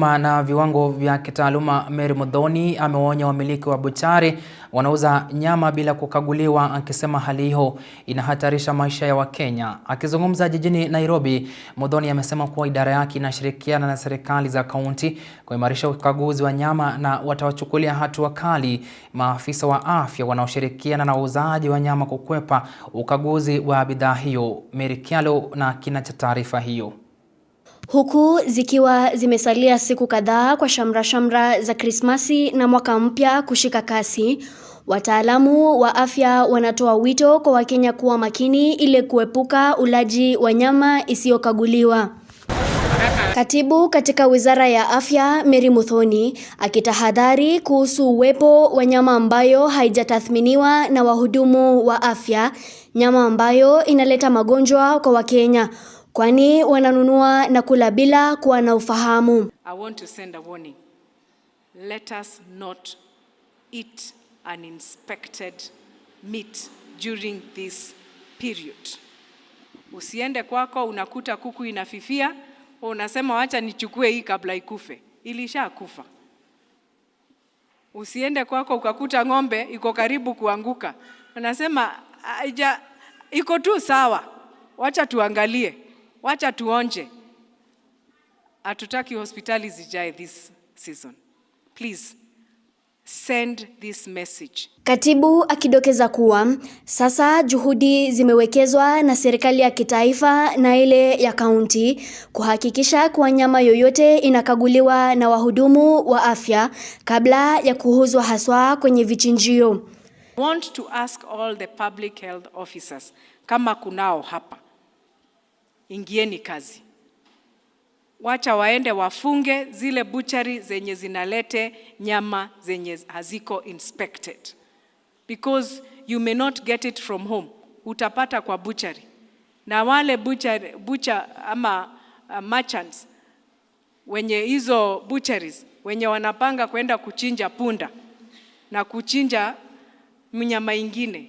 na viwango vya kitaaluma Mary Muthoni amewaonya wamiliki wa buchari wanauza nyama bila kukaguliwa, akisema hali hiyo inahatarisha maisha ya Wakenya. Akizungumza jijini Nairobi, Muthoni amesema kuwa idara yake inashirikiana na serikali za kaunti kuimarisha ukaguzi wa nyama na watawachukulia hatua kali maafisa wa afya wanaoshirikiana na wauzaji wa nyama kukwepa ukaguzi wa bidhaa hiyo. Mary Kyalo na kina cha taarifa hiyo. Huku zikiwa zimesalia siku kadhaa kwa shamra shamra za Krismasi na mwaka mpya kushika kasi, wataalamu wa afya wanatoa wito kwa Wakenya kuwa makini ili kuepuka ulaji wa nyama isiyokaguliwa. Katibu katika Wizara ya Afya Mary Muthoni akitahadhari kuhusu uwepo wa nyama ambayo haijatathminiwa na wahudumu wa afya, nyama ambayo inaleta magonjwa kwa Wakenya kwani wananunua na kula bila kuwa na ufahamu. I want to send a warning. Let us not eat uninspected meat during this period. Usiende kwako unakuta kuku inafifia, unasema wacha nichukue hii kabla ikufe. Ilishakufa. Usiende kwako ukakuta ng'ombe iko karibu kuanguka, unasema iko tu sawa, wacha tuangalie. Wacha tuonje, hatutaki hospitali zijae this season. Please send this message. Katibu akidokeza kuwa sasa juhudi zimewekezwa na serikali ya kitaifa na ile ya kaunti kuhakikisha kuwa nyama yoyote inakaguliwa na wahudumu wa afya kabla ya kuuzwa haswa kwenye vichinjio. I want to ask all the public health officers kama kunao hapa ingieni kazi, wacha waende wafunge zile buchari zenye zinalete nyama zenye haziko inspected because you may not get it from home, utapata kwa buchari na wale buchari, bucha ama uh, merchants wenye hizo butcheries wenye wanapanga kwenda kuchinja punda na kuchinja mnyama ingine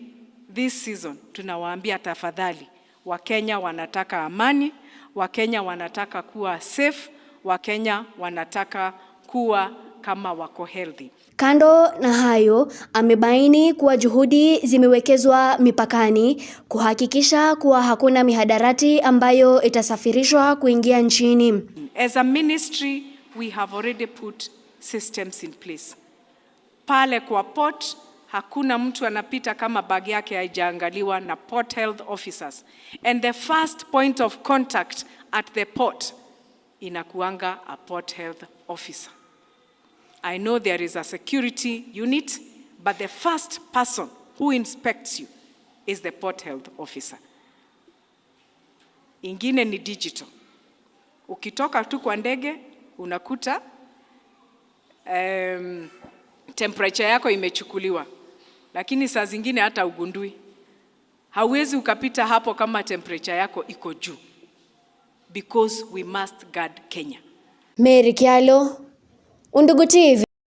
this season, tunawaambia tafadhali, Wakenya wanataka amani, Wakenya wanataka kuwa safe, Wakenya wanataka kuwa kama wako healthy. Kando na hayo, amebaini kuwa juhudi zimewekezwa mipakani kuhakikisha kuwa hakuna mihadarati ambayo itasafirishwa kuingia nchini. As a ministry, we have already put systems in place. Pale kwa port hakuna mtu anapita kama bag yake haijaangaliwa na port health officers, and the first point of contact at the port inakuanga a port health officer. I know there is a security unit, but the first person who inspects you is the port health officer. Ingine ni digital. Ukitoka tu kwa ndege unakuta um, temperature yako imechukuliwa lakini saa zingine hata ugundui. Hauwezi ukapita hapo kama temperature yako iko juu, because we must guard Kenya. Mary Kyalo, Undugu TV.